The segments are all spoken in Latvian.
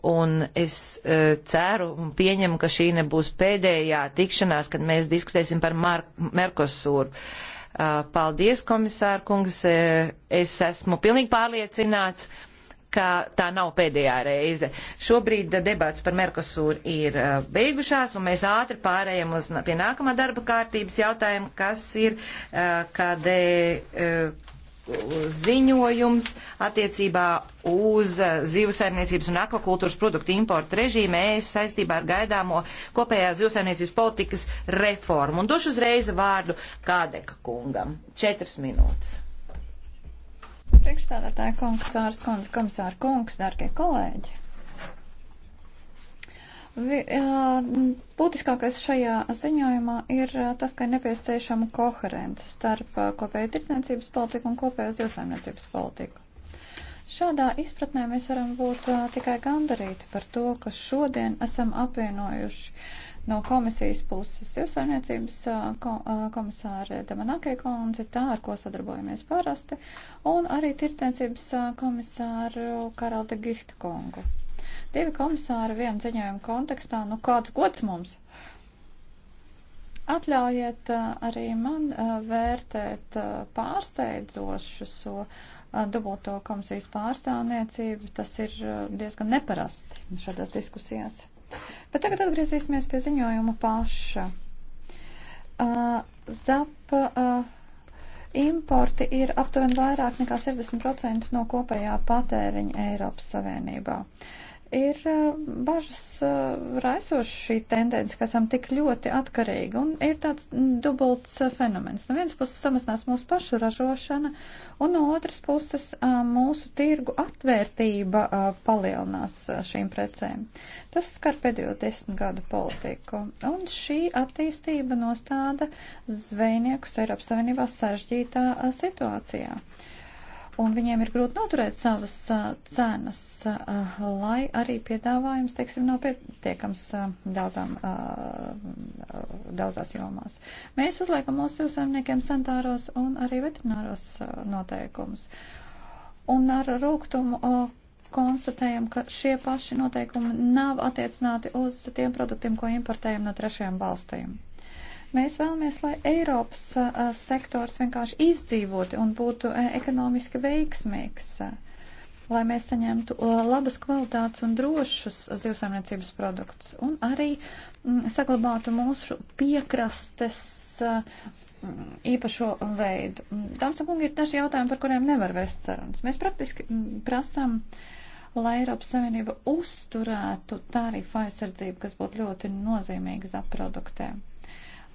Un es uh, ceru un pieņemu, ka šī nebūs pēdējā tikšanās, kad mēs diskutēsim par Mar Merkosūru. Uh, e, paldies, komisāra kungs. Uh, es esmu pilnīgi pārliecināts, ka tā nav pēdējā reize. Šobrīd debats par Merkosūru ir uh, beigušās, un mēs ātri pārējām uz, pie nākamā darba kārtības jautājuma, kas ir, uh, kad. Uh, ziņojums attiecībā uz zivsaimniecības un akvakultūras produktu importu režīmu ES saistībā ar gaidāmo kopējā zivsaimniecības politikas reformu. Un došu uzreiz vārdu Kādeka kungam. Četras minūtes. Priekšstādātāja kungs, sārs kundze, komisāra kungs, darbie kolēģi. Būtiskākais šajā ziņojumā ir tas, ka ir nepieciešama koherence starp kopēju tirdzniecības politiku un kopēju zivsaimniecības politiku. Šādā izpratnē mēs varam būt tikai gandarīti par to, ka šodien esam apvienojuši no komisijas puses zivsaimniecības komisāre Damanakē kundzi, tā ar ko sadarbojamies parasti, un arī tirdzniecības komisāru Karalda Gihta kungu Divi komisāri vienu ziņojumu kontekstā, nu kāds gods mums? Atļaujiet uh, arī man uh, vērtēt uh, pārsteidzošu so dubulto komisijas pārstāvniecību. Tas ir diezgan neparasti šādās diskusijās. Bet tagad atgriezīsimies pie ziņojuma paša. Uh, ZAP uh, importi ir aptuveni vairāk nekā 60% no kopējā patēriņa Eiropas Savienībā. Uh, ir eh, bažas eh, raisoši šī tendence, ka esam tik ļoti atkarīgi, un ir tāds dubults eh, fenomens. No vienas puses samazinās mūsu pašu ražošana, un no otras puses mūsu tirgu atvērtība palielinās šīm precēm. Tas skar pēdējo desmit gadu politiku, un šī attīstība nostāda zvejniekus Eiropas Savienībā sažģītā situācijā. Uh, un viņiem ir grūti noturēt savas uh, cenas, uh, lai arī piedāvājums, teiksim, nav pietiekams uh, daudzām, uh, daudzās jomās. Mēs uzliekam mūsu zivsaimniekiem santāros un arī veterināros uh, noteikumus. Un ar rūgtumu uh, konstatējam, ka šie paši noteikumi nav attiecināti uz tiem produktiem, ko importējam no trešajām valstīm. Mēs vēlamies, lai Eiropas sektors vienkārši izdzīvotu un būtu ekonomiski veiksmīgs, lai mēs saņemtu labas kvalitātes un drošus zivsaimniecības produktus un arī saglabātu mūsu piekrastes īpašo veidu. Dāmas un kungi, ir daži jautājumi, par kuriem nevar vēst sarunas. Mēs praktiski prasam, lai Eiropas Savienība uzturētu tarifu aizsardzību, kas būtu ļoti nozīmīga zap produktēm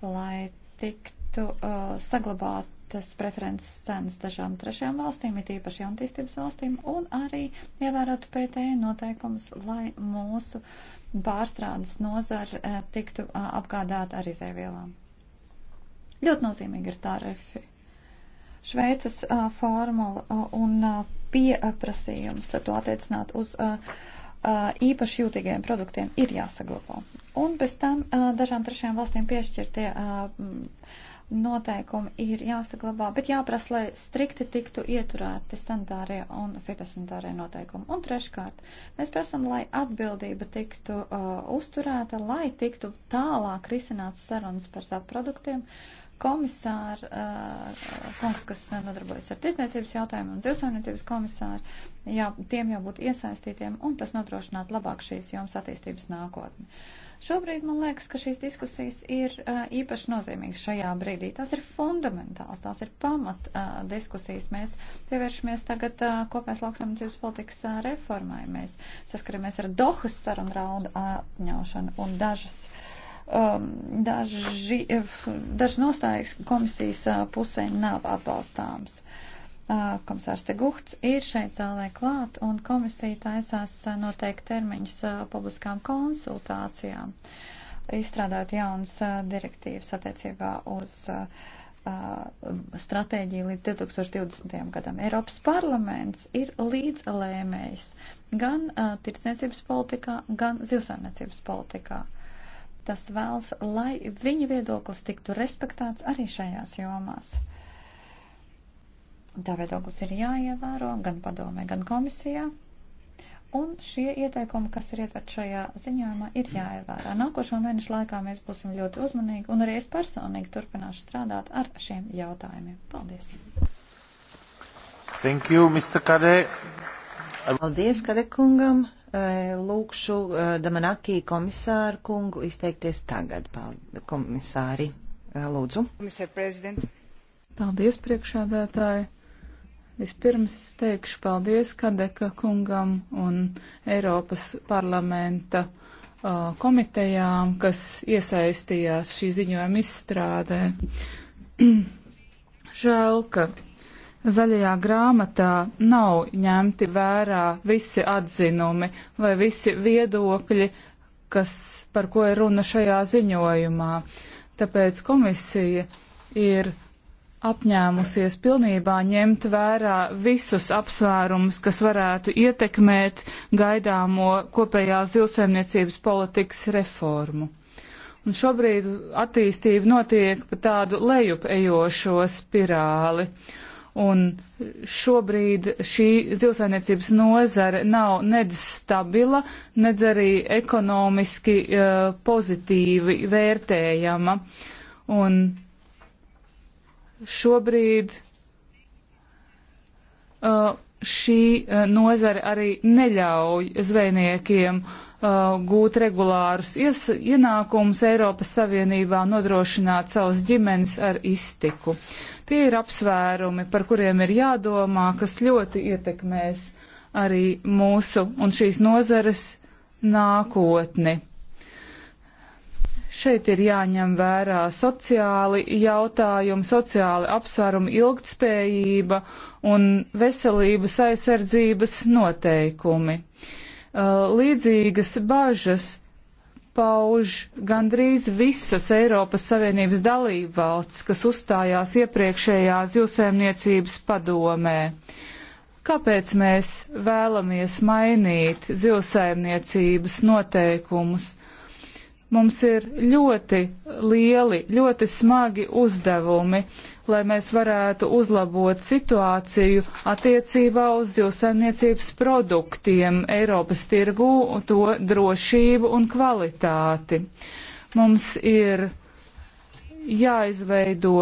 lai tiktu uh, saglabātas preferences cenas dažām trešajām valstīm, it īpaši jaunatīstības valstīm, un arī ievērotu pētēju e noteikumus, lai mūsu pārstrādes nozara uh, tiktu uh, apgādāta ar izēvielām. Ļoti nozīmīgi ir tarifi. Šveices uh, formula uh, un uh, pieprasījums uh, to attiecināt uz uh, uh, īpaši jūtīgiem produktiem ir jāsaglabā. Un bez tam dažām trešajām valstīm piešķirtie noteikumi ir jāsaglabā, bet jāprasa, lai strikti tiktu ieturēti sanitārie un fitosanitārie noteikumi. Un treškārt, mēs prasam, lai atbildība tiktu uh, uzturēta, lai tiktu tālāk risināts sarunas par sāt produktiem. Komisāri, uh, kungs, kas nodarbojas ar tirdzniecības jautājumiem un dzīvesaimniecības komisāri, jā, tiem jābūt iesaistītiem un tas nodrošināt labāk šīs jomas attīstības nākotni. Uh, Šobrīd man liekas, ka šīs diskusijas ir uh, īpaši nozīmīgas šajā brīdī. Tās ir fundamentāls, tās ir pamat uh, diskusijas. Mēs pievēršamies tagad uh, kopējās lauksamniecības politikas reformai. Mēs saskaramies ar Dohas sarunu raudu atņaušanu un dažas um, daži, daži nostājas komisijas pusē nav atbalstāms. Uh, komisārs Tegūts ir šeit zālē klāt, un komisija taisās noteikti termiņus publiskām konsultācijām, izstrādāt jaunas direktīvas attiecībā uz stratēģiju līdz 2020. gadam. Eiropas parlaments ir līdzlēmējs gan uh, tirdzniecības politikā, gan zivsaimniecības politikā. Tas vēlas, lai viņa viedoklis tiktu respektēts arī šajās jomās. Uh, Tā viedoklis ir jāievēro gan padomē, gan komisijā. Un šie ieteikumi, kas ir ietvert šajā ziņojumā, ir jāievērā. Nākošo mēnešu laikā mēs būsim ļoti uzmanīgi, un arī es personīgi turpināšu strādāt ar šiem jautājumiem. Paldies! Thank you, Mr. Kade. Paldies, Kade kungam. Lūkšu Damanakī komisāru kungu izteikties tagad, komisāri. Lūdzu. Paldies, priekšādātāji. Vispirms teikšu paldies Kadeka kungam un Eiropas parlamenta uh, komitejām, kas iesaistījās šī ziņojuma izstrādē. Žēl, ka zaļajā grāmatā nav ņemti vērā visi atzinumi vai visi viedokļi, kas, par ko ir runa šajā ziņojumā. Tāpēc komisija ir apņēmusies pilnībā ņemt vērā visus apsvērumus, kas varētu ietekmēt gaidāmo kopējās zilsēmniecības politikas reformu. Un šobrīd attīstība notiek pa tādu lejupejošo spirāli. Un šobrīd šī zilsainiecības nozare nav nedz stabila, nedz arī ekonomiski uh, pozitīvi vērtējama. Un šobrīd uh, šī uh, nozare arī neļauj zvejniekiem uh, gūt regulārus ies, ienākumus Eiropas Savienībā, nodrošināt savus ģimenes ar iztiku. Tie ir apsvērumi, par kuriem ir jādomā, kas ļoti ietekmēs arī mūsu un šīs nozares nākotni. Šeit ir jāņem vērā sociāli jautājumi, sociāli apsvērumi, ilgtspējība un veselības aizsardzības noteikumi. Uh, līdzīgas bažas pauž gandrīz visas Eiropas Savienības dalībvalsts, kas uzstājās iepriekšējā zivsēmniecības padomē. Kāpēc mēs vēlamies mainīt zivsēmniecības noteikumus? Mums ir ļoti lieli, ļoti smagi uzdevumi, lai mēs varētu uzlabot situāciju attiecībā uz zilsaimniecības produktiem Eiropas tirgū, to drošību un kvalitāti. Mums ir jāizveido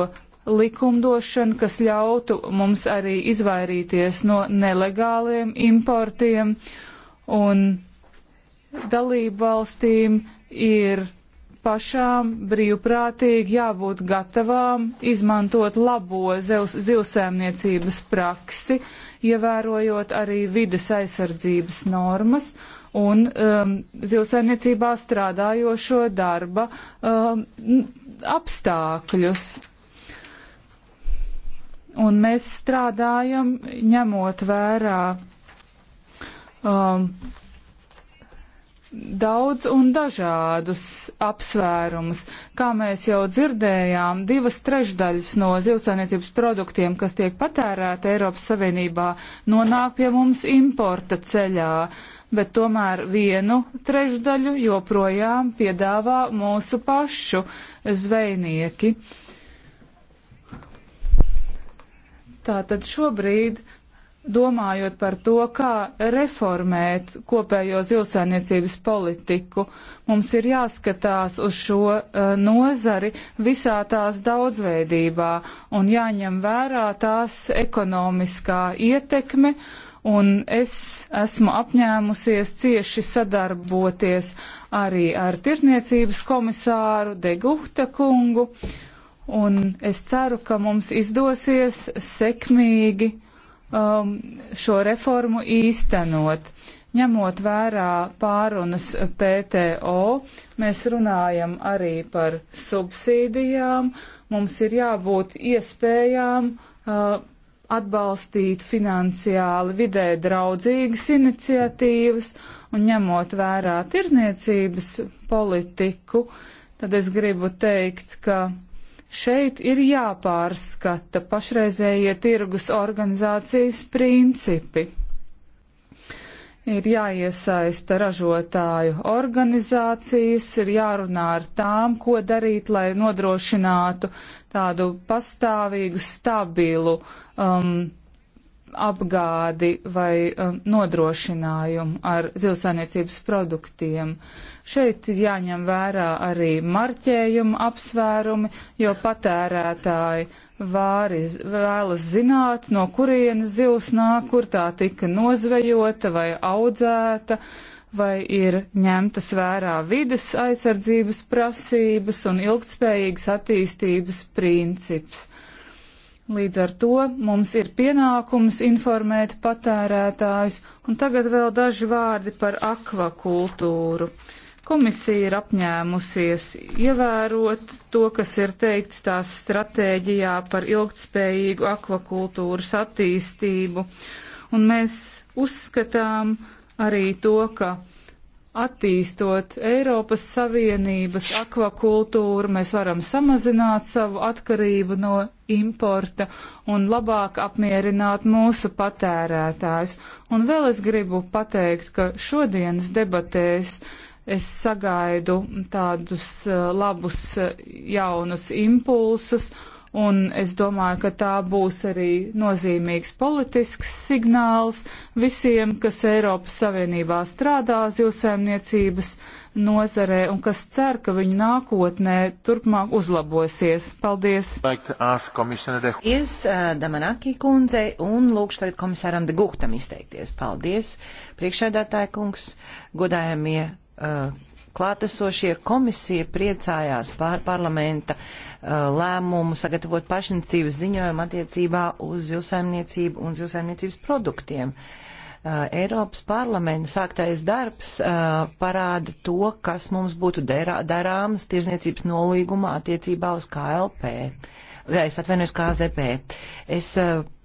likumdošana, kas ļautu mums arī izvairīties no nelegāliem importiem un dalību valstīm ir pašām brīvprātīgi jābūt gatavām izmantot labo zilsēmniecības praksi, ievērojot arī vides aizsardzības normas un um, zilsēmniecībā strādājošo darba um, apstākļus. Un mēs strādājam ņemot vērā um, daudz un dažādus apsvērumus. Kā mēs jau dzirdējām, divas trešdaļas no zivsainiecības produktiem, kas tiek patērēta Eiropas Savienībā, nonāk pie mums importa ceļā, bet tomēr vienu trešdaļu joprojām piedāvā mūsu pašu zvejnieki. Tātad šobrīd domājot par to, kā reformēt kopējo zilsainiecības politiku. Mums ir jāskatās uz šo uh, nozari visā tās daudzveidībā un jāņem vērā tās ekonomiskā ietekme. Un es esmu apņēmusies cieši sadarboties arī ar tirzniecības komisāru Degufta kungu, un es ceru, ka mums izdosies sekmīgi um, šo reformu īstenot. Ņemot vērā pārunas PTO, mēs runājam arī par subsīdijām. Mums ir jābūt iespējām uh, atbalstīt finansiāli vidē draudzīgas iniciatīvas un ņemot vērā tirniecības politiku, tad es gribu teikt, ka Šeit ir jāpārskata pašreizējie tirgus organizācijas principi. Ir jāiesaista ražotāju organizācijas, ir jārunā ar tām, ko darīt, lai nodrošinātu tādu pastāvīgu, stabilu um, apgādi vai um, nodrošinājumu ar zilsainiecības produktiem. Šeit ir jāņem vērā arī marķējuma apsvērumi, jo patērētāji vāris, vēlas zināt, no kurienes zils nāk, kur tā tika nozvejota vai audzēta, vai ir ņemtas vērā vides aizsardzības prasības un ilgtspējīgas attīstības princips Līdz ar to mums ir pienākums informēt patērētājus, un tagad vēl daži vārdi par akvakultūru. Komisija ir apņēmusies ievērot to, kas ir teikts tās stratēģijā par ilgtspējīgu akvakultūras attīstību, un mēs uzskatām arī to, ka attīstot Eiropas Savienības akvakultūru, mēs varam samazināt savu atkarību no importa un labāk apmierināt mūsu patērētājs. Un vēl es gribu pateikt, ka šodienas debatēs es sagaidu tādus eh, labus eh, jaunus impulsus Un es domāju, ka tā būs arī nozīmīgs politisks signāls visiem, kas Eiropas Savienībā strādā zivsēmniecības nozarē un kas cer, ka viņu nākotnē turpmāk uzlabosies. Paldies! Paldies, uh, Damanaki kundzei, un lūkšu tagad komisāram de Guhtam izteikties. Paldies, priekšēdātāja kungs, godājamie uh, klātesošie komisija priecājās pār parlamenta uh, Uh, lēmumu sagatavot pašinicības ziņojumu attiecībā uz zilsaimniecību un zilsaimniecības produktiem. Uh, Eiropas parlamenta sāktais darbs uh, parāda to, kas mums būtu darāms tirzniecības nolīguma attiecībā uz KLP. Es atvainojos KZP. Es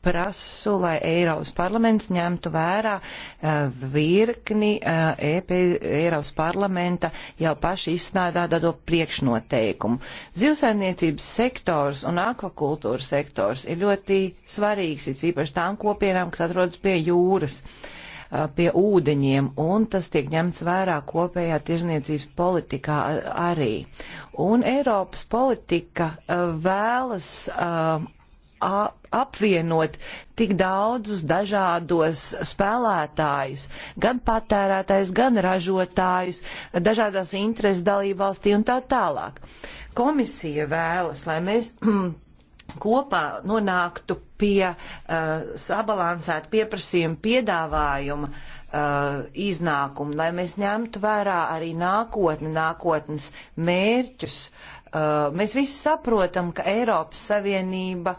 prasu, lai Eiropas parlaments ņemtu vērā eh, virkni EP, eh, e Eiropas parlamenta jau paši izstrādāto priekšnoteikumu. Zivsaimniecības sektors un akvakultūras sektors ir ļoti svarīgs, it īpaši tām kopienām, kas atrodas pie jūras eh, pie ūdeņiem, un tas tiek ņemts vērā kopējā tirzniecības politikā arī. Un Eiropas politika vēlas a, apvienot tik daudzus dažādos spēlētājus, gan patērētājus, gan ražotājus, dažādās intereses dalību valstī un tā tālāk. Komisija vēlas, lai mēs mm, kopā nonāktu pie uh, sabalansēta pieprasījuma piedāvājuma uh, iznākuma, lai mēs ņemtu vērā arī nākotni, nākotnes mērķus. Uh, mēs visi saprotam, ka Eiropas Savienība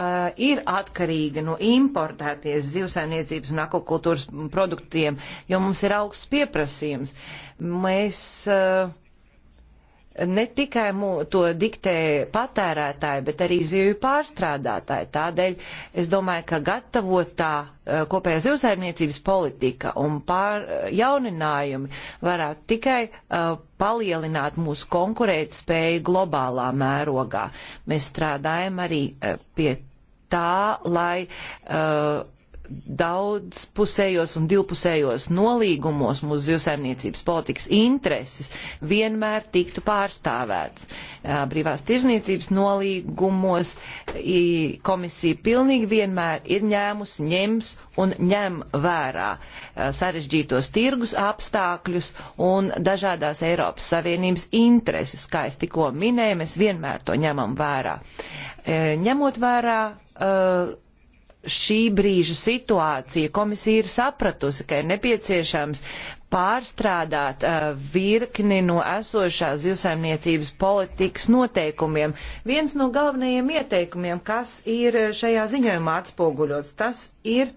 uh, ir atkarīga no importēties zivsainiecības un akvakultūras produktiem, jo mums ir augsts pieprasījums. Mēs uh, ne tikai mū, to diktē patērētāji, bet arī zivju pārstrādātāji. Tādēļ es domāju, ka gatavotā uh, kopējā zivsainiecības politika un pār, jauninājumi varētu tikai uh, palielināt mūsu konkurētspēju globālā mērogā. Mēs strādājam arī uh, pie tā, lai uh, daudzpusējos un divpusējos nolīgumos mūsu zivsaimniecības politikas intereses vienmēr tiktu pārstāvēts. Uh, brīvās tirzniecības nolīgumos komisija pilnīgi vienmēr ir ņēmus, ņems un ņem vērā uh, sarežģītos tirgus apstākļus un dažādās Eiropas Savienības intereses, kā es tikko minēju, mēs vienmēr to ņemam vērā. Uh, ņemot vērā uh, šī brīža situācija. Komisija ir sapratusi, ka ir nepieciešams pārstrādāt uh, virkni no esošās zivsaimniecības politikas noteikumiem. Viens no galvenajiem ieteikumiem, kas ir šajā ziņojumā atspoguļots, tas ir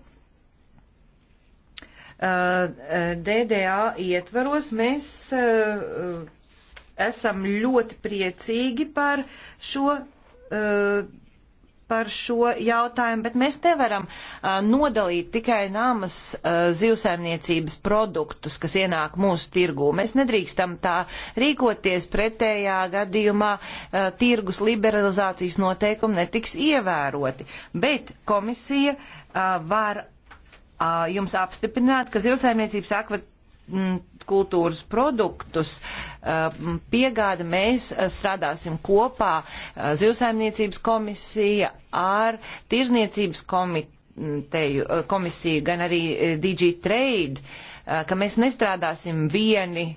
uh, DDA ietvaros. Mēs uh, esam ļoti priecīgi par šo. Uh, par šo jautājumu, bet mēs nevaram uh, nodalīt tikai nāmas uh, zivsaimniecības produktus, kas ienāk mūsu tirgū. Mēs nedrīkstam tā rīkoties pretējā gadījumā, uh, tirgus liberalizācijas noteikumi netiks ievēroti. Bet komisija uh, var uh, jums apstiprināt, ka zivsaimniecības akvat Mm, kultūras produktus mm, piegāda, mēs eh, strādāsim kopā eh, zivsaimniecības komisija ar tirzniecības komiteju, eh, komisiju, gan arī DG Trade, ka mēs nestrādāsim vieni,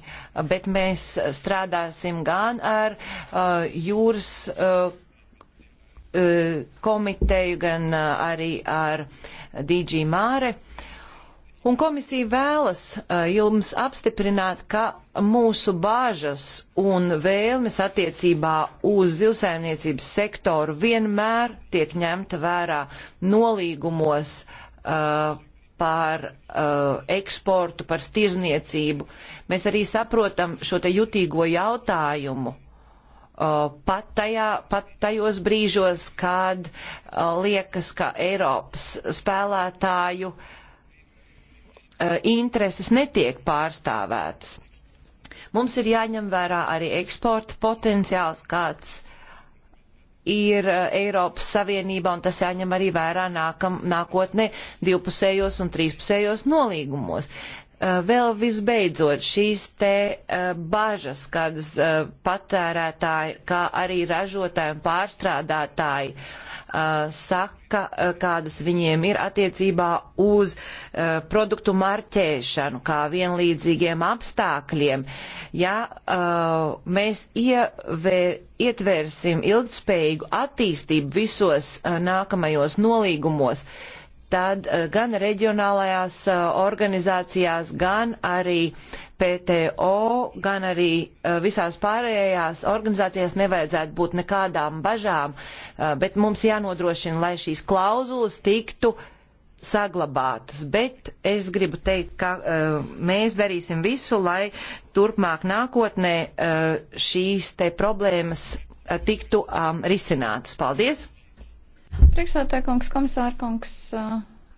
bet mēs strādāsim gan ar jūras komiteju, gan arī ar DG Māre. Uh, Un komisija vēlas eh, jums apstiprināt, ka mūsu bāžas un vēlmes attiecībā uz zivsaimniecības sektoru vienmēr tiek ņemta vērā nolīgumos uh, par uh, eksportu, par tirzniecību. Mēs arī saprotam šo te jutīgo jautājumu. Uh, pat, tajā, pat tajos brīžos, kad uh, liekas, ka Eiropas spēlētāju uh, Eh, intereses netiek pārstāvētas. Mums ir jāņem vērā arī eksporta potenciāls, kāds ir eh, Eiropas Savienībā, un tas jāņem arī vērā nākam, nākotnē divpusējos un trīspusējos nolīgumos. Eh, vēl visbeidzot šīs te uh, bažas, kādas uh, patērētāji, kā arī ražotāji un pārstrādātāji uh, saka, kādas viņiem ir attiecībā uz produktu marķēšanu, kā vienlīdzīgiem apstākļiem. Ja mēs ievē, ietversim ilgtspējīgu attīstību visos nākamajos nolīgumos, uh, tad eh, gan reģionālajās eh, organizācijās, gan arī PTO, gan arī eh, visās pārējās organizācijās nevajadzētu būt nekādām bažām, bet mums jānodrošina, lai šīs klauzulas tiktu saglabātas, bet es gribu teikt, ka uh, mēs darīsim visu, lai turpmāk nākotnē uh, šīs te problēmas uh, tiktu um, risinātas. Paldies! Priekšsēdētāj kungs, komisār kungs,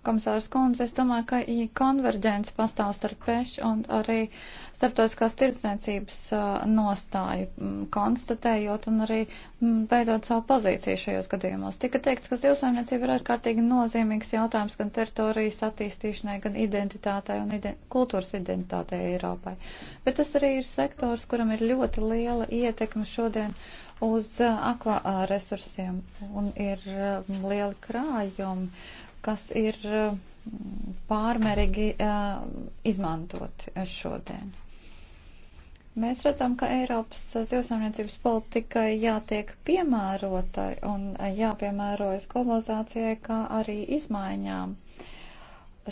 komisārs kundze, es domāju, ka konverģents pastāv starp pešu un arī starptautiskās tirdzniecības nostāju konstatējot un arī veidot savu pozīciju šajos gadījumos. Tika teikts, ka zivsaimniecība ir ārkārtīgi nozīmīgs jautājums gan teritorijas attīstīšanai, gan identitātei un ident kultūras identitātei Eiropai. Bet tas arī ir sektors, kuram ir ļoti liela ietekme šodien uz uh, akvā uh, resursiem un ir um, lieli krājumi, kas ir um, pārmērīgi uh, izmantoti šodien. Mēs redzam, ka Eiropas zivsaimniecības politikai jātiek piemērotai un jāpiemērojas globalizācijai, kā arī izmaiņām.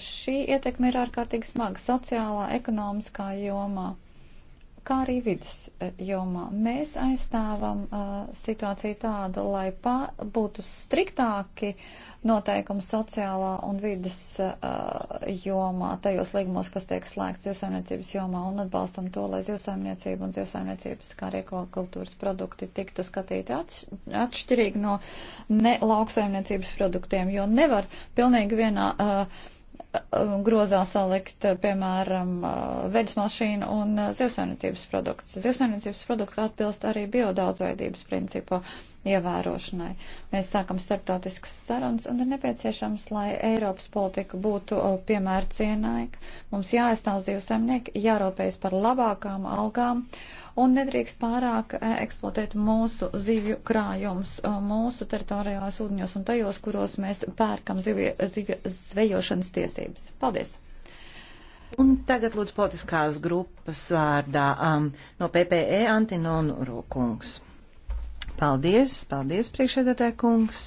Šī ietekme ir ārkārtīgi smaga sociālā, ekonomiskā jomā kā arī vidas eh, jomā. Mēs aizstāvam uh, situāciju tādu, lai pā, būtu striktāki noteikumi sociālā un vidas uh, jomā, tajos līgumos, kas tiek slēgts zivsaimniecības jomā, un atbalstam to, lai zivsaimniecība un zivsaimniecības kā arī ekvakultūras produkti tiktu skatīti atš atšķirīgi no ne lauksaimniecības produktiem, jo nevar pilnīgi vienā. Uh, Uh, grozā salikt, uh, piemēram, uh, veļas mašīnu un zivsainiecības produktus. Zivsainiecības produkti atbilst arī biodaudzveidības principu ievērošanai. Mēs sākam starptautiskas sarunas un ir nepieciešams, lai Eiropas politika būtu piemēra cienīga. Mums jāaizstāv zīvesaimnieki, jārūpējas par labākām algām un nedrīkst pārāk e, eksploatēt mūsu zivju krājumus mūsu teritorijās ūdņos un tajos, kuros mēs pērkam zivju, zivju zvejošanas tiesības. Paldies! Un tagad lūdzu politiskās grupas vārdā um, no PPE Antinonu Rūkungs. Paldies, paldies, priekšēdētāja kungs.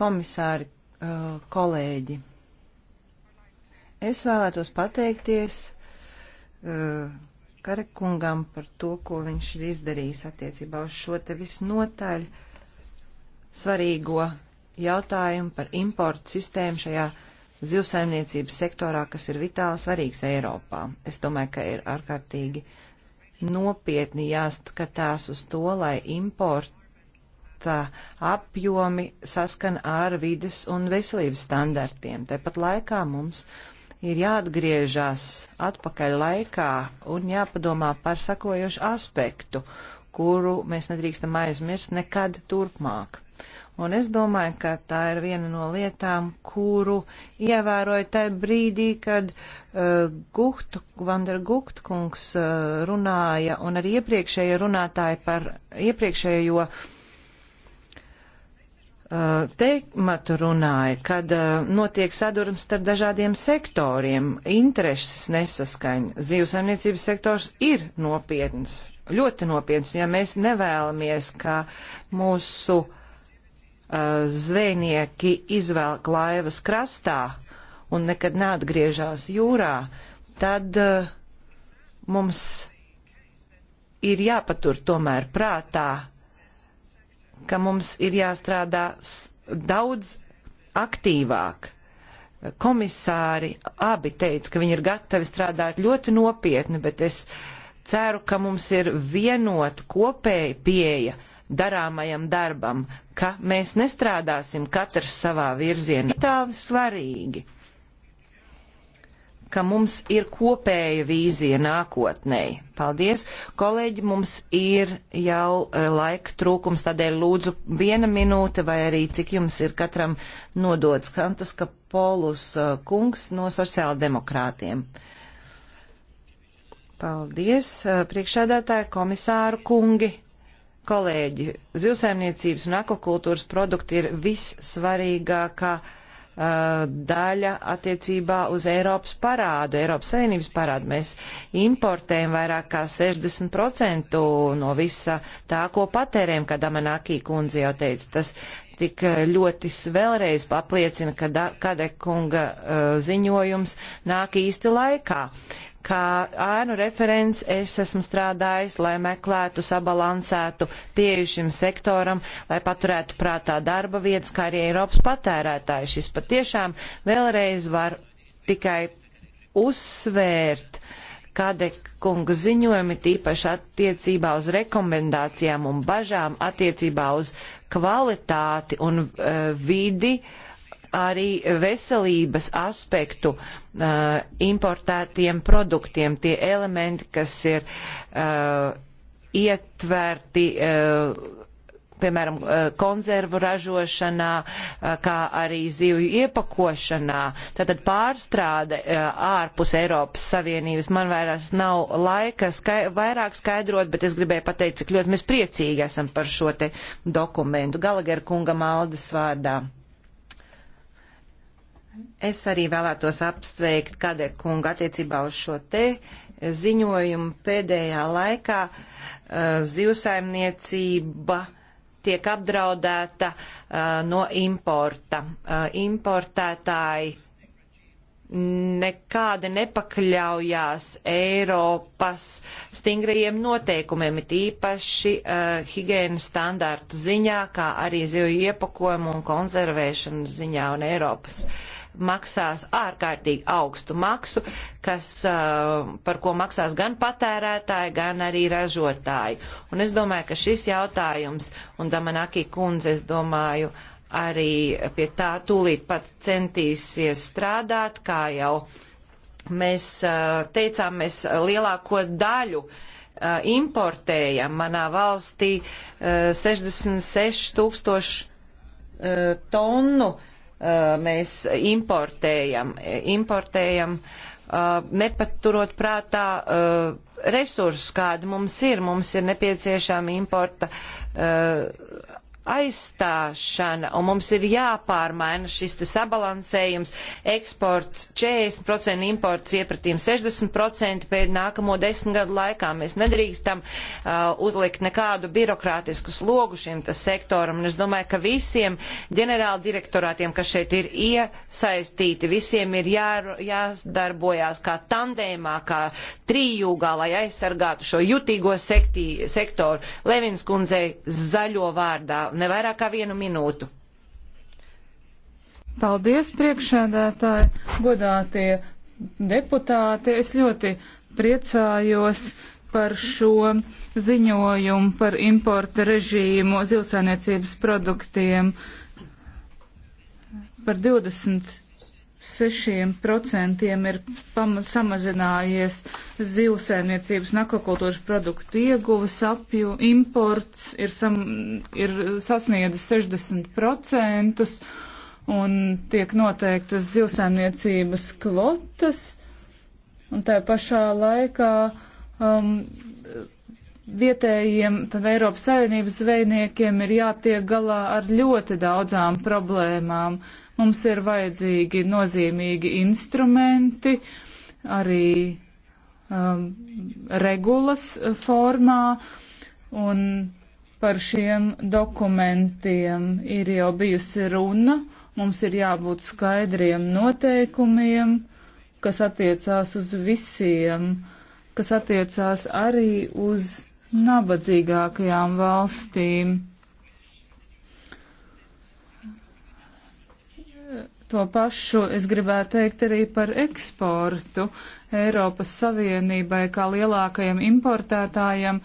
Komisāri, uh, kolēģi, es vēlētos pateikties uh, Karekungam par to, ko viņš ir izdarījis attiecībā uz šo te visnotaļ svarīgo jautājumu par importu sistēmu šajā zivsaimniecības sektorā, kas ir vitāli svarīgs Eiropā. Es domāju, ka ir ārkārtīgi nopietni jāskatās uz to, lai importa apjomi saskan ar vides un veselības standartiem. Tāpat laikā mums ir jāatgriežas atpakaļ laikā un jāpadomā par sakojošu aspektu, kuru mēs nedrīkstam aizmirst nekad turpmāk. Un es domāju, ka tā ir viena no lietām, kuru ievēroju tajā brīdī, kad uh, Guhtu, Vandera Guhtkungs uh, runāja un arī iepriekšējie runātāji par iepriekšējo uh, teikmatu runāja, kad uh, notiek sadurums starp dažādiem sektoriem, intereses nesaskaņa. Zīvesaimniecības sektors ir nopietns, ļoti nopietns, ja mēs nevēlamies, ka mūsu uh, Eh, zvejnieki izvelk laivas krastā un nekad neatgriežas jūrā, tad uh, mums ir jāpatur tomēr prātā, ka mums ir jāstrādā daudz aktīvāk. Komisāri abi teica, ka viņi ir gatavi strādāt ļoti nopietni, bet es ceru, ka mums ir vienota kopēja pieeja uh, darāmajam darbam, ka mēs nestrādāsim katrs savā virzienā. Tāli svarīgi, ka mums ir kopēja vīzija nākotnēji. Paldies, kolēģi, mums ir jau e, laika trūkums, tādēļ lūdzu viena minūte vai arī cik jums ir katram nodots kantus, ka Polus e, kungs no sociāldemokrātiem. Paldies, e, priekšādātāji, komisāru kungi Kolēģi, zivsaimniecības un akvakultūras produkti ir vissvarīgākā uh, daļa attiecībā uz Eiropas parādu, Eiropas Savienības parādu. Mēs importējam vairāk kā 60% no visa tā, ko patērējam, kā Damanākī kundze jau teica. Tas tik ļoti vēlreiz apliecina, ka Kadekunga uh, ziņojums nāk īsti laikā kā ēnu referents es esmu strādājis, lai meklētu sabalansētu pieeju šim sektoram, lai paturētu prātā darba vietas, kā arī Eiropas patērētāji. Šis patiešām vēlreiz var tikai uzsvērt Kadeka kunga ziņojumi tīpaši attiecībā uz rekomendācijām un bažām attiecībā uz kvalitāti un uh, vidi uh, arī veselības aspektu uh, importētiem produktiem, tie elementi, kas ir uh, ietverti, uh, piemēram, uh, konzervu ražošanā, uh, kā arī zivju iepakošanā. Tātad pārstrāde uh, ārpus Eiropas Savienības man vairs nav laika skai, vairāk skaidrot, bet es gribēju pateikt, cik ļoti mēs priecīgi esam par šo te dokumentu. Galagera kunga maldas vārdā. Es arī vēlētos apsveikt Kadek kungu attiecībā uz šo te ziņojumu. Pēdējā laikā uh, zivsaimniecība tiek apdraudēta uh, no importa. Uh, importētāji nekādi nepakļaujās Eiropas stingrajiem noteikumiem, it īpaši uh, higienas standārtu ziņā, kā arī zivju iepakojumu un konservēšanas ziņā un Eiropas uh, maksās ārkārtīgi augstu maksu, kas, uh, par ko maksās gan patērētāji, gan arī ražotāji. Un es domāju, ka šis jautājums, un Damanaki kundze, es domāju, arī pie tā tūlīt pat centīsies strādāt, kā jau mēs uh, teicām, mēs lielāko daļu uh, importējam. Manā valstī 66 tūkstoši tonu uh, Uh, mēs importējam, importējam uh, nepaturot prātā uh, resursus, kādi mums ir. Mums ir nepieciešami importa aizstāšana, un mums ir jāpārmaina šis sabalansējums, eksports 40%, imports iepratīm 60% pēc nākamo desmit gadu laikā. Mēs nedrīkstam uh, uzlikt nekādu birokrātisku slogu šim sektoram, un es domāju, ka visiem ģenerāla direktorātiem, kas šeit ir iesaistīti, visiem ir jā, jāsdarbojās kā tandēmā, kā trijūgā, lai aizsargātu šo jutīgo sektī, sektoru. Levins kundzei zaļo vārdā nevairāk kā vienu minūtu. Paldies, priekšsēdētāji, godātie deputāti. Es ļoti priecājos par šo ziņojumu par importa režīmu zilsēniecības produktiem par 20 6% ir samazinājies zivsēmniecības un akvakultūras produktu ieguves apju, imports ir, sam, ir sasniedzis 60% un tiek noteiktas zivsēmniecības kvotas. Un tā pašā laikā um, vietējiem, tad Eiropas Savienības zvejniekiem ir jātiek galā ar ļoti daudzām problēmām. Mums ir vajadzīgi nozīmīgi instrumenti, arī um, regulas formā, un par šiem dokumentiem ir jau bijusi runa. Mums ir jābūt skaidriem noteikumiem, kas attiecās uz visiem, kas attiecās arī uz nabadzīgākajām valstīm. To pašu es gribētu teikt arī par eksportu. Eiropas Savienībai kā lielākajam importētājam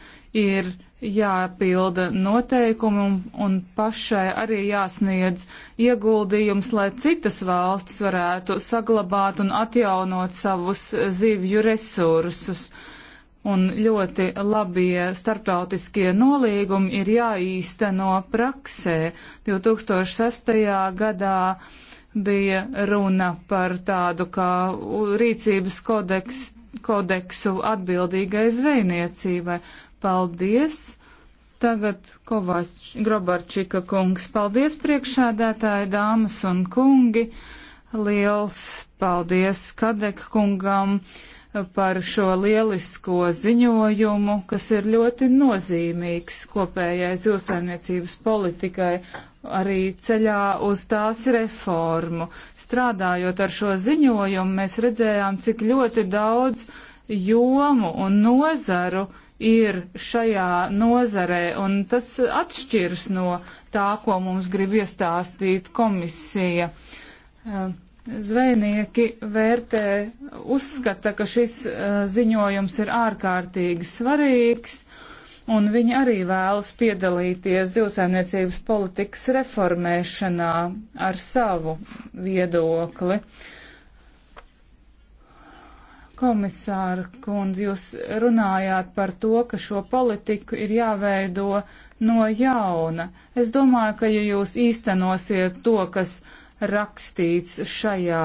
ir jāpilda noteikumi un, un pašai arī jāsniedz ieguldījums, lai citas valstis varētu saglabāt un atjaunot savus zivju resursus. Uh, un ļoti labie starptautiskie nolīgumi ir jāīsteno praksē. 2006. gadā bija runa par tādu kā rīcības kodeks, kodeksu atbildīgai zvejniecībai. Paldies! Tagad Kovač, Grobarčika kungs. Paldies priekšādētāji, dāmas un kungi! Liels paldies Kadek kungam! Uh, par šo lielisko ziņojumu, kas ir ļoti nozīmīgs kopējai zilsaimniecības politikai, arī ceļā uz tās reformu. Strādājot ar šo ziņojumu, mēs redzējām, cik ļoti daudz jomu un nozaru ir šajā nozarē, un tas atšķirs no tā, ko mums grib iestāstīt komisija. Zvejnieki vērtē, uzskata, ka šis uh, ziņojums ir ārkārtīgi svarīgs, un viņi arī vēlas piedalīties zivsaimniecības politikas reformēšanā ar savu viedokli. Komisāra kundze, jūs runājāt par to, ka šo politiku ir jāveido no jauna. Es domāju, ka ja jūs īstenosiet to, kas rakstīts šajā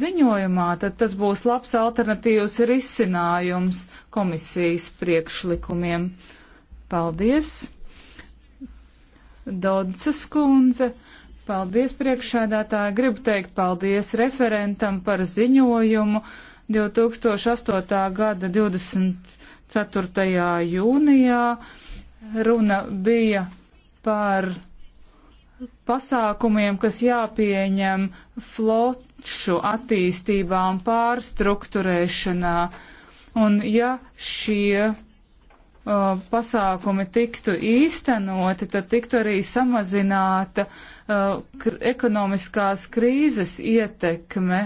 ziņojumā, tad tas būs labs alternatīvs risinājums komisijas priekšlikumiem. Paldies! Dodas kundze, paldies priekšēdētāji, gribu teikt paldies referentam par ziņojumu 2008. gada 24. jūnijā. Runa bija par pasākumiem, kas jāpieņem flotšu attīstībā un pārstruktūrēšanā. Un ja šie uh, pasākumi tiktu īstenoti, tad tiktu arī samazināta uh, kr ekonomiskās krīzes ietekme.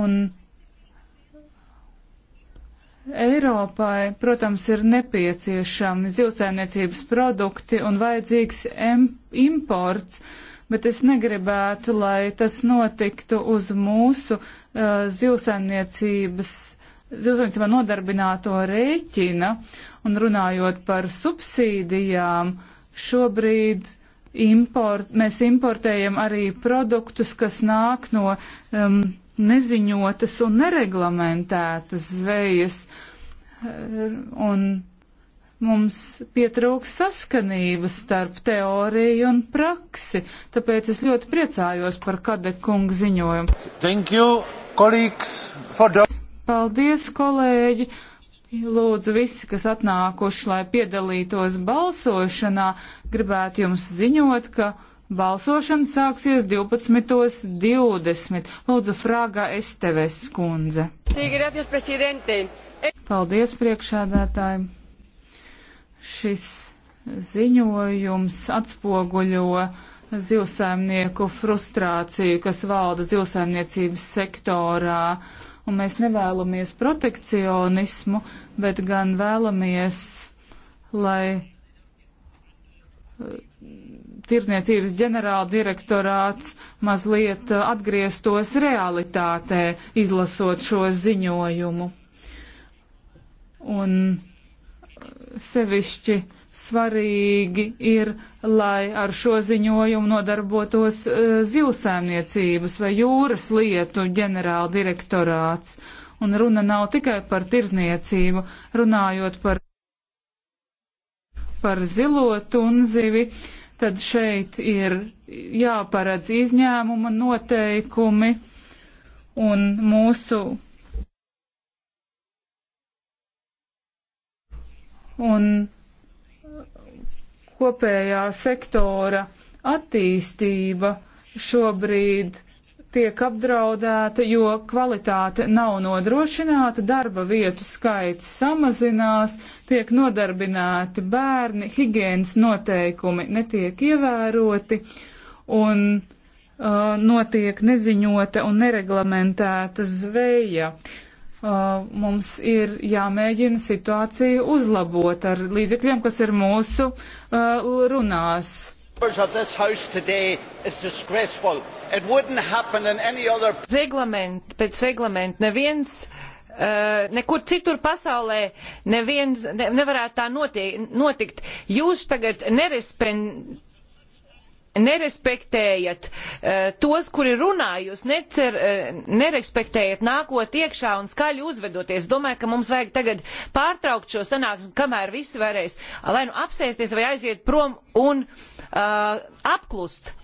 Un Eiropai, protams, ir nepieciešami zivsainiecības produkti un vajadzīgs imports, bet es negribētu, lai tas notiktu uz mūsu uh, zivsainiecības, zivsainiecībā nodarbināto rēķina. Un runājot par subsīdijām, šobrīd import, mēs importējam arī produktus, kas nāk no. Um, neziņotas un nereglamentētas zvejas, un mums pietrūks saskanības starp teoriju un praksi, tāpēc es ļoti priecājos par Kadekunga ziņojumu. Thank you, colleagues, for the... Paldies, kolēģi! Lūdzu, visi, kas atnākuši, lai piedalītos balsošanā, gribētu jums ziņot, ka. Balsošana sāksies 12.20. Lūdzu, Frāga Esteves skundze. Eh, Paldies, priekšādātāji. Šis ziņojums atspoguļo zivsaimnieku frustrāciju, kas valda zivsaimniecības sektorā. Un mēs nevēlamies protekcionismu, bet gan vēlamies, lai tirzniecības ģenerāla direktorāts mazliet eh, atgrieztos realitātē, izlasot šo ziņojumu. Un eh, sevišķi svarīgi ir, lai ar šo ziņojumu nodarbotos eh, zivsēmniecības vai jūras lietu ģenerāla direktorāts. Un runa nav tikai par tirzniecību, runājot par, par zilo tunzivi. Uh, tad šeit ir jāparedz izņēmuma noteikumi un mūsu. Un kopējā sektora attīstība šobrīd tiek apdraudēta, jo kvalitāte nav nodrošināta, darba vietu skaits samazinās, tiek nodarbināti bērni, higiēnas noteikumi netiek ievēroti un uh, notiek neziņota un nereglamentēta zveja. Uh, mums ir jāmēģina situāciju uzlabot ar līdzekļiem, kas ir mūsu uh, runās. Reglament, pēc reglamentu neviens, uh, nekur citur pasaulē neviens ne, nevarētu tā notiek, notikt. Jūs tagad nerespektējat nerespektējat uh, tos, kuri runā, jūs necer, uh, nerespektējat nākot iekšā un skaļi uzvedoties. Domāju, ka mums vajag tagad pārtraukt šo sanāksmi, kamēr visi varēs vai nu apsēsties vai aiziet prom un uh, apklust.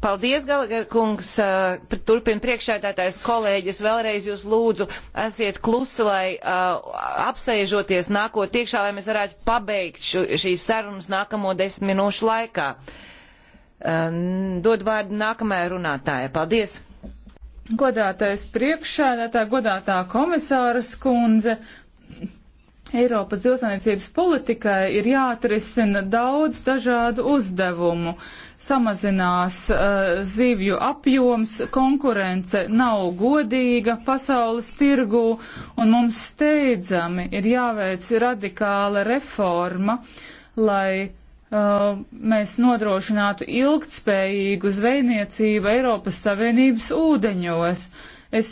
Paldies, Galagar kungs, uh, turpina priekšētātājs kolēģis, vēlreiz jūs lūdzu, esiet klusi, lai uh, apsēžoties nākot iekšā, lai mēs varētu pabeigt šu, šīs sarunas nākamo desmit minūšu laikā. Uh, Ehm, dod vārdu nākamajai runātājai. Paldies! Godātais priekšsēdētāja, godātā komisāras kundze, Eiropas zilsainiecības politikai ir jāatrisina daudz dažādu uzdevumu. Samazinās uh, zivju apjoms, konkurence nav godīga pasaules tirgū, un mums steidzami ir jāveic radikāla reforma, lai Uh, mēs nodrošinātu ilgtspējīgu zvejniecību Eiropas Savienības ūdeņos. Es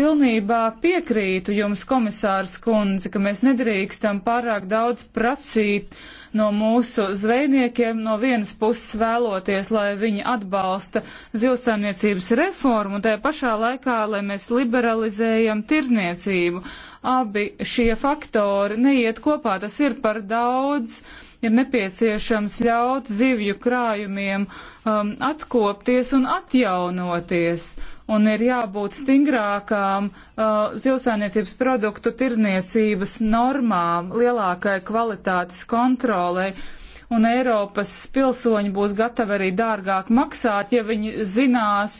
pilnībā piekrītu jums, komisārs kundze, ka mēs nedrīkstam pārāk daudz prasīt no mūsu zvejniekiem, no vienas puses vēloties, lai viņi atbalsta zilsēmniecības reformu, un tajā pašā laikā, lai mēs liberalizējam tirzniecību. Abi šie faktori neiet kopā, tas ir par daudz. Uh, ir nepieciešams ļaut zivju krājumiem um, atkopties un atjaunoties, un ir jābūt stingrākām uh, zivsainiecības produktu tirzniecības normām, lielākai kvalitātes kontrolei un Eiropas pilsoņi būs gatavi arī dārgāk maksāt, ja viņi zinās,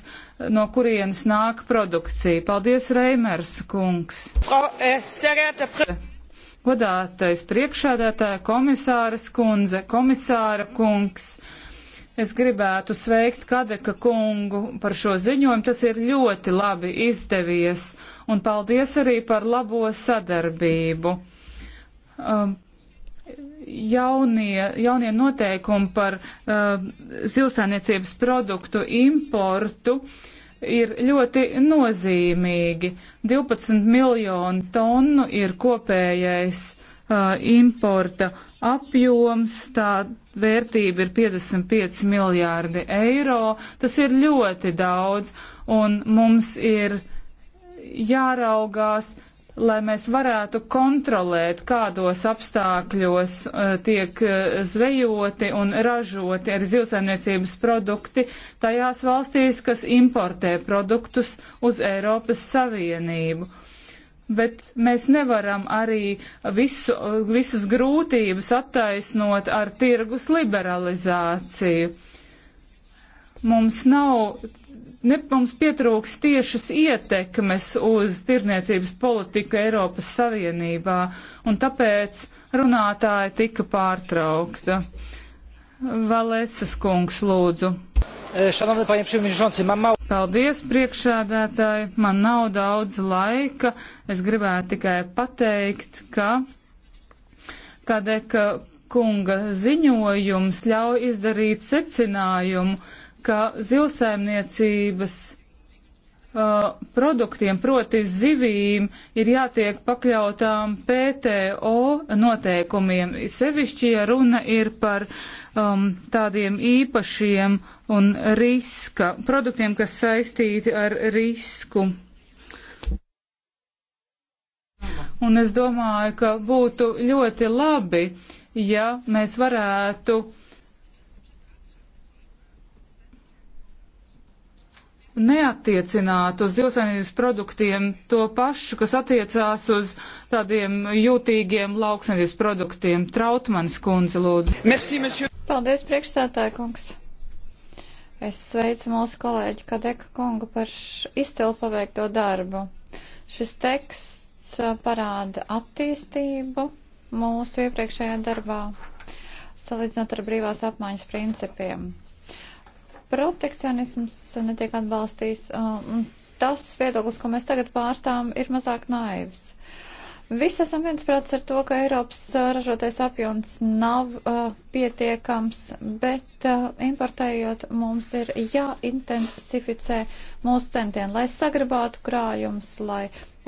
no kurienes nāk produkcija. Paldies, Reimers kungs! Frau, eh, Godātais priekšādātāja komisāras kundze, komisāra kungs, es gribētu sveikt Kadeka kungu par šo ziņojumu. Tas ir ļoti labi izdevies un paldies arī par labo sadarbību. Um, Jaunie, jaunie noteikumi par uh, um, zilsāniecības produktu importu uh, ir ļoti nozīmīgi. 12 miljonu tonu ir kopējais uh, importa apjoms, tā vērtība ir 55 miljārdi eiro. Tas ir ļoti daudz, un mums ir jāraugās, lai mēs varētu kontrolēt, kādos apstākļos uh, tiek eh, zvejoti un ražoti ar zivsaimniecības produkti tajās valstīs, kas importē produktus uz Eiropas Savienību. Bet mēs nevaram arī visu, visas grūtības attaisnot ar tirgus liberalizāciju. Mums nav Ne, mums pietrūks tiešas ietekmes uz tirniecības politiku Eiropas Savienībā, un tāpēc runātāja tika pārtraukta. Valēsas kungs, lūdzu. Šanovni, paņem šim man nav. Paldies, priekšādātāji. Man nav daudz laika. Es gribētu tikai pateikt, ka Kadeka kunga ziņojums ļauj izdarīt secinājumu ka zivsaimniecības uh, produktiem, proti zivīm, ir jātiek pakļautām PTO noteikumiem. Sevišķi, ja runa ir par um, tādiem īpašiem un riska produktiem, kas saistīti ar risku. Un es domāju, ka būtu ļoti labi, ja mēs varētu uh, neatiecinātu uz zivsainības produktiem to pašu, kas attiecās uz tādiem jūtīgiem lauksainības produktiem. Trautmanis kundze, lūdzu. Merci, monsieur. Paldies, priekšstādāja kungs. Es sveicu mūsu kolēģi Kadeka kungu par izcilu paveikto darbu. Šis teksts uh, parāda attīstību mūsu iepriekšējā darbā, salīdzinot ar brīvās apmaiņas principiem protekcionisms netiek atbalstīs. Um, tas viedoklis, ko mēs tagad pārstāvam, ir mazāk naivs. Visi esam viensprāts ar to, ka Eiropas ražotais apjoms nav uh, pietiekams, bet uh, importējot mums ir jāintensificē mūsu centieni, lai saglabātu krājums, lai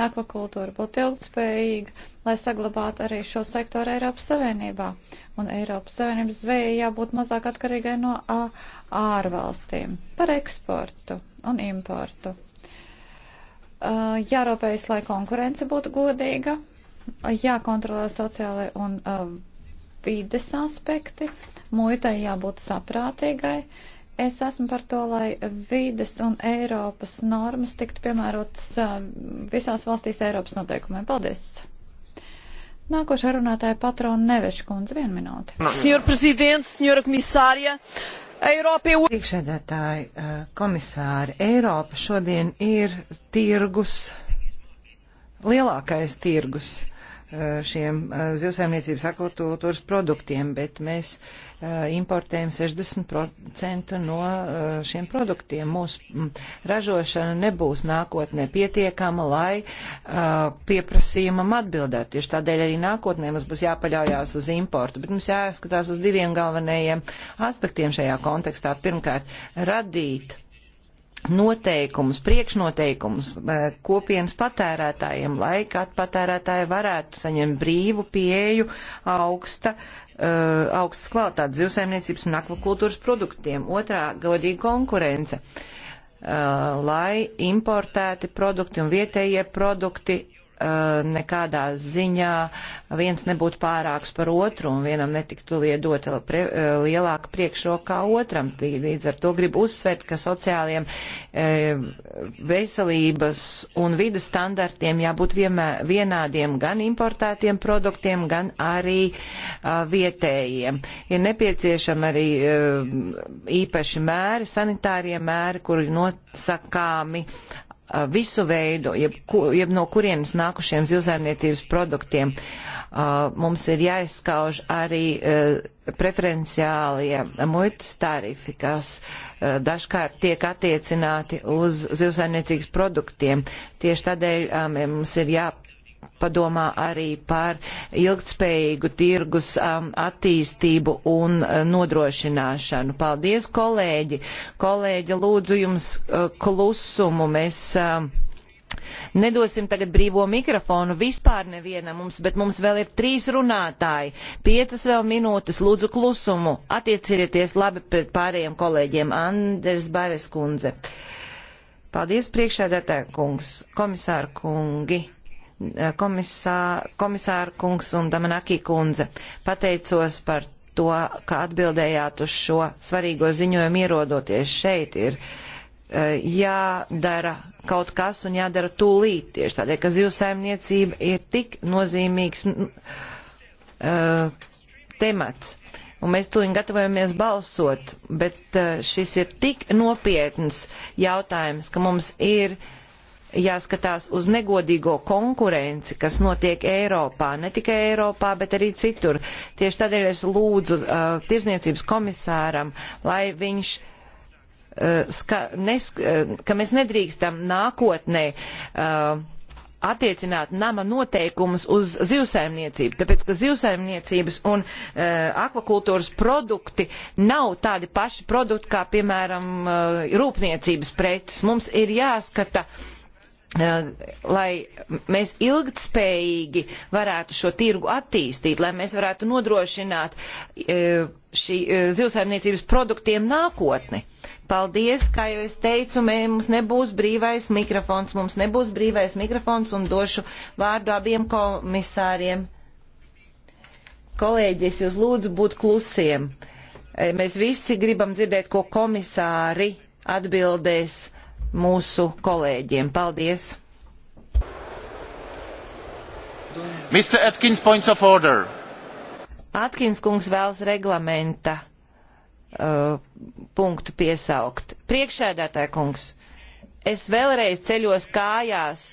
akvakultūra būtu ilgspējīga, lai saglabātu arī šo sektoru Eiropas Savienībā. Un Eiropas Savienības zvejai jābūt mazāk atkarīgai no uh, ārvalstīm par eksportu un importu. Uh, jāropējas, lai konkurence būtu godīga, jākontrolē sociālai un uh, vides aspekti, muitai jābūt saprātīgai. Es esmu par to, lai vides un Eiropas normas tiktu piemērotas uh, visās valstīs Eiropas noteikumiem. Paldies! Nākošā runātāja patrona Neveša kundze, vienu minūti. Senjor prezidents, senjora komisārija, Eiropa jau. Priekšēdētāji, eh, komisāri, Eiropa šodien ir tirgus, lielākais tirgus Eh, šiem eh, zivsaimniecības akvakultūras produktiem, bet mēs eh, importējam 60% no šiem produktiem. Mūsu mm, ražošana nebūs nākotnē pietiekama, lai pieprasījumam atbildētu. Tieši tādēļ arī nākotnē mums būs jāpaļaujās uz importu, bet mums jāskatās uz diviem galvenajiem aspektiem šajā kontekstā. Pirmkārt, radīt noteikumus, priekšnoteikumus eh, kopienas patērētājiem, lai kad patērētāji varētu saņemt brīvu pieeju augsta, eh, augstas kvalitātes zivsaimniecības un akvakultūras produktiem. Otrā godīga konkurence, eh, lai importēti produkti un vietējie produkti Uh, nekādā ziņā viens nebūtu pārāks par otru un vienam netiktu liedota prie, uh, lielāka priekšrokā otram. Līdz ar to gribu uzsvērt, ka sociāliem uh, veselības un vidas standartiem jābūt vienādiem gan importētiem produktiem, gan arī vietējiem. Ir nepieciešama arī īpaši mēri, sanitārie mēri, kuri nosakāmi visu veidu, jeb, jeb no kurienes nākušiem zivsaimniecības produktiem. Mums ir jāizskauž arī e, preferenciālie muitas tarifi, kas e, dažkārt tiek attiecināti uz zivsaimniecības produktiem. Tieši tādēļ mums ir jā jāpadomā arī par ilgtspējīgu tirgus um, attīstību un uh, nodrošināšanu. Paldies, kolēģi! Kolēģi, lūdzu jums uh, klusumu. Mēs, um, Nedosim tagad brīvo mikrofonu vispār nevienam mums, bet mums vēl ir trīs runātāji. Piecas vēl minūtes, lūdzu klusumu. Attiecieties labi pret pārējiem kolēģiem. Anders Bares kundze. Paldies priekšēdētē kungs, komisāra kungi komisā, komisāra kungs un Damanaki kundze. Pateicos par to, ka atbildējāt uz šo svarīgo ziņojumu ierodoties šeit. Ir e, jādara kaut kas un jādara tūlīt tieši tādēļ, ka zivsaimniecība ir tik nozīmīgs uh, temats. Un mēs tūlīt gatavojamies balsot, bet uh, šis ir tik nopietns jautājums, ka mums ir uh, jāskatās uz negodīgo konkurenci, kas notiek Eiropā, ne tikai Eiropā, bet arī citur. Tieši tādēļ es lūdzu uh, tirzniecības komisāram, lai viņš uh, ska, nes, uh, ka mēs nedrīkstam nākotnē uh, attiecināt nama noteikumus uz zivsaimniecību, tāpēc ka zivsaimniecības un uh, akvakultūras produkti nav tādi paši produkti kā, piemēram, uh, rūpniecības preces. Mums ir jāskata uh, Eh, lai mēs ilgtspējīgi varētu šo tirgu attīstīt, lai mēs varētu nodrošināt eh, šī eh, zivsaimniecības produktiem nākotni. Paldies, kā jau es teicu, mē, mums nebūs brīvais mikrofons, mums nebūs brīvais mikrofons un došu vārdu abiem komisāriem. Kolēģi, es jūs lūdzu būt klusiem. Mēs visi gribam dzirdēt, ko komisāri atbildēs mūsu kolēģiem. Paldies! Mr. Atkins, points of order. Atkins kungs vēlas reglamenta uh, punktu piesaukt. Priekšsēdētāja kungs, es vēlreiz ceļos kājās,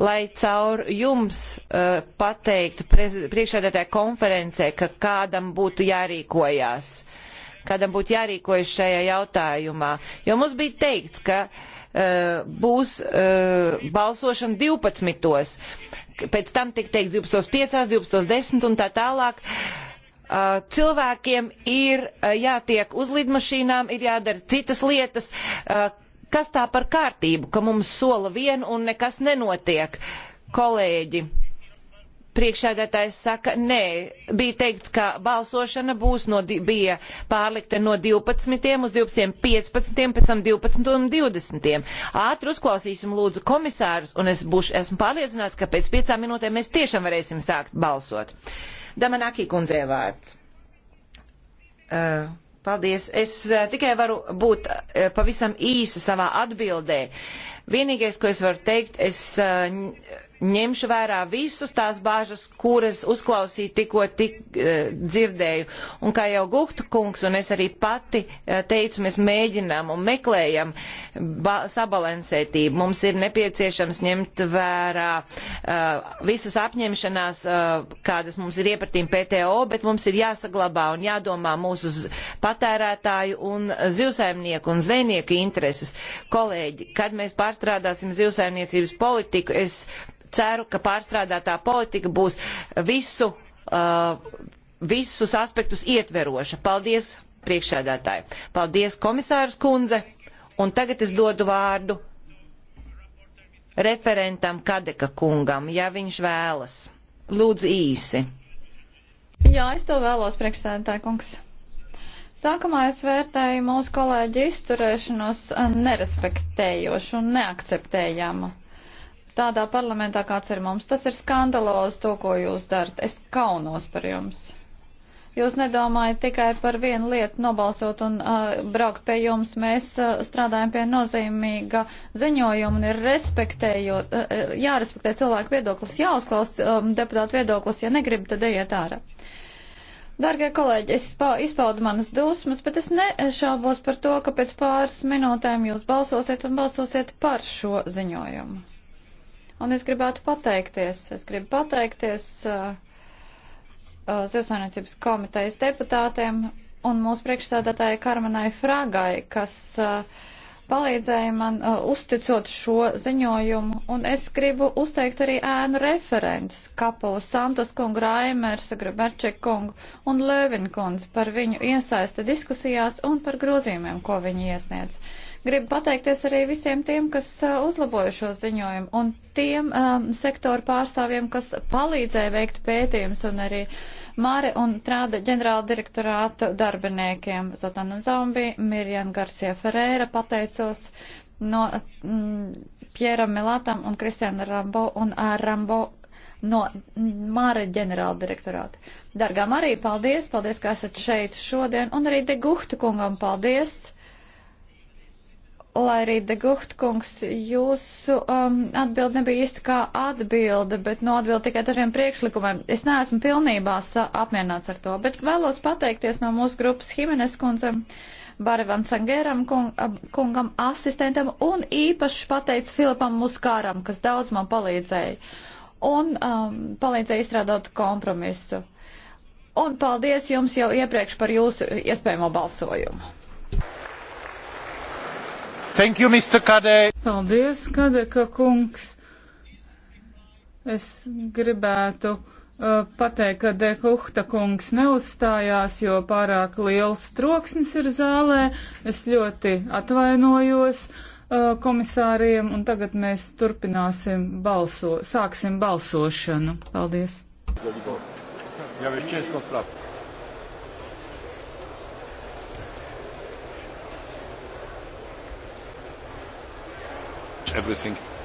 lai caur jums uh, pateiktu priekšsēdētāja konferencē, ka kādam būtu jārīkojās, kādam būtu jārīkojas šajā jautājumā. Jo mums bija teikts, ka uh, Eh, būs eh, balsošana 12. Pēc tam tik teikt 12.5, 12.10 un tā tālāk eh, cilvēkiem ir jātiek uz lidmašīnām, ir jādara citas lietas. Kas tā par kārtību, ka mums sola vienu un nekas nenotiek? Kolēģi, priekšsēdētājs saka, nē, bija teikts, ka balsošana būs no, bija pārlikta no 12. uz 12.15. pēc tam 12. un 20. Ātri uzklausīsim lūdzu komisārus, un es būšu, esmu pārliecināts, ka pēc piecām minūtēm mēs tiešām varēsim sākt balsot. Damanaki kundzē vārds. Uh, paldies. Es uh, tikai varu būt uh, pavisam īsa savā atbildē. Vienīgais, ko es varu teikt, es. Uh, ņemšu vērā visus tās bāžas, kuras uzklausīju tikko tik, uh, dzirdēju. Un kā jau Guhta kungs un es arī pati uh, teicu, mēs mēģinām un meklējam sabalansētību. Mums ir nepieciešams ņemt vērā uh, visas apņemšanās, uh, kādas mums ir iepratīm PTO, bet mums ir jāsaglabā un jādomā mūsu patērētāju un zivsaimnieku un zvejnieku intereses. Kolēģi, kad mēs pārstrādāsim zivsaimniecības politiku, es ceru, ka pārstrādātā politika būs visu, uh, visus aspektus ietveroša. Paldies, priekšsēdētāji. Paldies, komisārs kundze. Un tagad es dodu vārdu referentam Kadeka kungam, ja viņš vēlas. Lūdzu īsi. Jā, es to vēlos, priekšsēdētāji kungs. Sākumā es vērtēju mūsu kolēģi izturēšanos nerespektējošu un neakceptējamu tādā parlamentā, kāds ir mums. Tas ir skandalos to, ko jūs darat. Es kaunos par jums. Jūs nedomājat tikai par vienu lietu nobalsot un uh, braukt pie jums. Mēs uh, strādājam pie nozīmīga ziņojuma un ir respektējot, uh, jārespektē cilvēku viedoklis, jāuzklaus um, deputātu viedoklis, ja negrib, tad ejiet ārā. Dargie kolēģi, es izpaudu manas dusmas, bet es nešaubos par to, ka pēc pāris minūtēm jūs balsosiet un balsosiet par šo ziņojumu. Un es gribētu pateikties, es gribu pateikties uh, uh, Zivsainiecības komitejas deputātiem un mūsu priekšstādātāja Karmanai Fragai, kas uh, palīdzēja man uh, uzticot šo ziņojumu, un es gribu uzteikt arī ēnu referentus Kapula Santos kungu, Raimersa, Graberček kungu un Lövinkundz par viņu iesaisti diskusijās un par grozījumiem, ko viņi iesniedz. Gribu pateikties arī visiem tiem, kas uzlaboja šo ziņojumu un tiem um, sektoru pārstāvjiem, kas palīdzēja veikt pētījumus un arī Māre un Trāda ģenerāla direktorāta darbiniekiem Zotana Zombi, Mirjan Garcia Ferēra pateicos no mm, Piera Milatam un Kristiana Rambo un Rambo no Māra ģenerāla direktorāta. Dargā Marija, paldies, paldies, ka esat šeit šodien, un arī Degūhta kungam paldies lai arī Deguhtkungs jūsu um, atbildi nebija īsti kā atbilde, bet no nu, atbildi tikai dažiem priekšlikumiem. Es neesmu pilnībā apmierināts ar to, bet vēlos pateikties no mūsu grupas Himenes kundzem, Barevan Sangeram kung, kungam, asistentam un īpaši pateicu Filipam Muskāram, kas daudz man palīdzēja un um, palīdzēja izstrādāt kompromisu. Un paldies jums jau iepriekš par jūsu iespējamo balsojumu. Thank you, Mr. Kadē. Paldies, Kadeka kungs. Es gribētu uh, pateikt, ka Dekukta kungs neuzstājās, jo pārāk liels troksnis ir zālē. Es ļoti atvainojos uh, komisāriem, un tagad mēs turpināsim balso, sāksim balsošanu. Paldies. Ja, everything